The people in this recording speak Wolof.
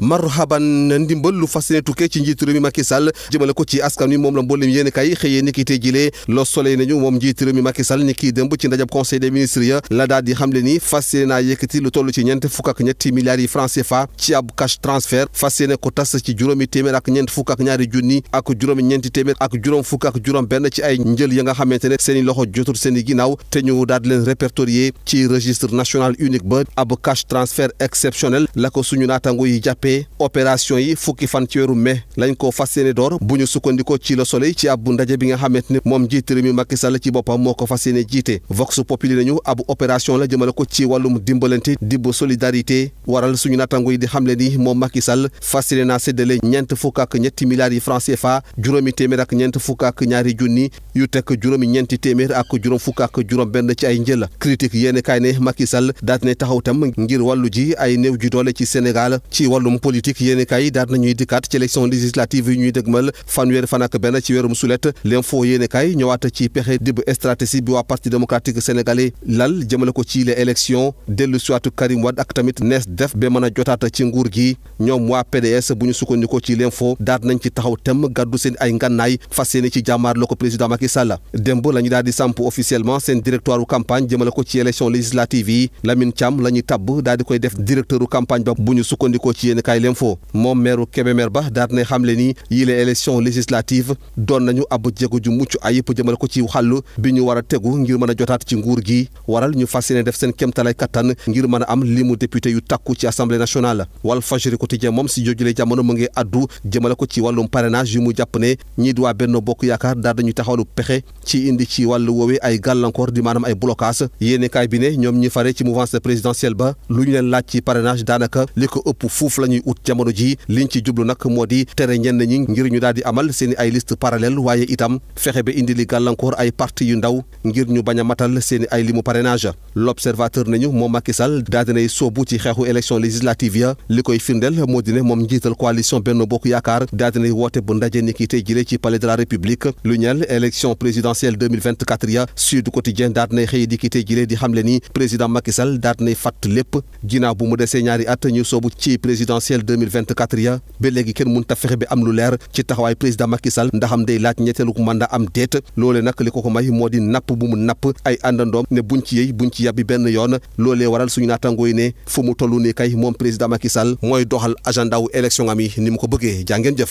marhaban ndimbal lu fas yéene tukkee ci njiitu réew mi Macky Sall ko ci askan wi moom la mbooleem yéen kay xëyee ni ki tey jilee Le Soleil nañu moom njiitu réew mi Macky ni kii démb ci ndajab conseil des ministres ya la daal di xamle ni fas yéene naa yëkkati lu toll ci ñeent fukk ak ñetti milliards yi francs CFA ci ab cash transfert fas yéene ko tas ci juróomi téeméer ak ñeent fukk ak ñaari junni ak juróomi ñeenti téeméer ak benn ci ay njël ya nga xamante ne seeni loxo jotul seeni ginnaaw te ñu daal di leen répertorier ci registre national unique ba ab cash transfert exceptionnel la ko suñu jàppee opération yi fukki fan ci weeru mai lañ ko fas yéene door bu ñu sukkandikoo ci Le Soleil ci ab ndaje bi nga xamante ne moom njiit réew mi Macky Sall ci boppam moo ko fas yéene jiite Vox Populi nañu ab opération la jëmale ko ci wàllum dimbalante dibb solidarité waral suñu natango yi di xamle ni moom Macky Sall fas yéene naa séddale ñeent fukk ak ñetti milliards yi francs CFA juróomi téeméer ak ñeent fukk ak ñaari junni yu tekk juróomi ñeenti téeméer ak juróom fukk ak juróom benn ci ay njëla critique yéene kaay ne Macky Sall daat taxaw tam ngir wàllu ji ci Sénégal ci wàllum politique yéen i kaay daal nañuy dikkaat ci élection législative yi ñuy dëgmal fanweer fan benn ci weerum sulet l'info yéen i kaay ñëwaat ci pexe dib stratégie bi waa parti démocratique sénégalais lal jëmale ko ci les élections dellu suwaatu Karim Wade ak tamit nees def ba mën a jotaat ci nguur gi ñoom waa PDS bu ñu sukkandikoo ci l'info daal nañ ci taxaw tem gàddu seen ay ngànnaay fas ci jàmmaar la ko président Macky la ñu daal yéenekaay l'info moom meeru Kébémer ba daat na xamle ni yile élection législative doon nañu ab jéego ju mucc ayib jëmale ko ci xàll bi ñu war a tegu ngir mën a jotaat ci nguur gi waral ñu fas yéene def seen kéemtalaay kattan ngir mën a am limu député yu takku ci assemblée nationale Walf Fadjri quotidien moom si jojule jamono mu ngi addu jëmale ko ci wàllum parrainage yu mu jàpp ne ñii di waa Benno Bokk Yaakaar daal dañu taxawalu pexe ci indi ci wàllu woowee ay gàllankoor di maanaam ay bi ne ñoom ñi ñu leen laaj ci parrainage daanaka ñuy ut jamono ji liñ ci jublu nag moo di tere ñenn ñi ngir ñu daal amal seen ay liste parallèle waaye itam fexe ba indi li gàllankoor ay parti yu ndaw ngir ñu bañ a matal seen i ay limu parrainage l'observateur nañu moom Macky Sall daal soobu ci xeexu élection législative ya li koy firndeel moo di ne moom njiital coalition Benno Bokk Yaakaar daal dinay woote bu ndaje ni ki ci palais de la République lu ñeel élection présidentielle ya Sud Quotidien daal dinay xëy présidentielle 2024 ya ba léegi kenn mënut a fexe ba am lu leer ci taxawaay président Macky Sall ndaxam day laaj ñetteelu mandat am déet loolee nag li ko ko may moo di napp bu mu napp ay àndandoom ne buñ ci yëy buñ ci yàbbi benn yoon loolee waral suñu naataangoo yi ne fu mu toll nii kay moom président Macky mooy doxal agenda wu élection am yi ni mu ko bëggee jàngeen jëf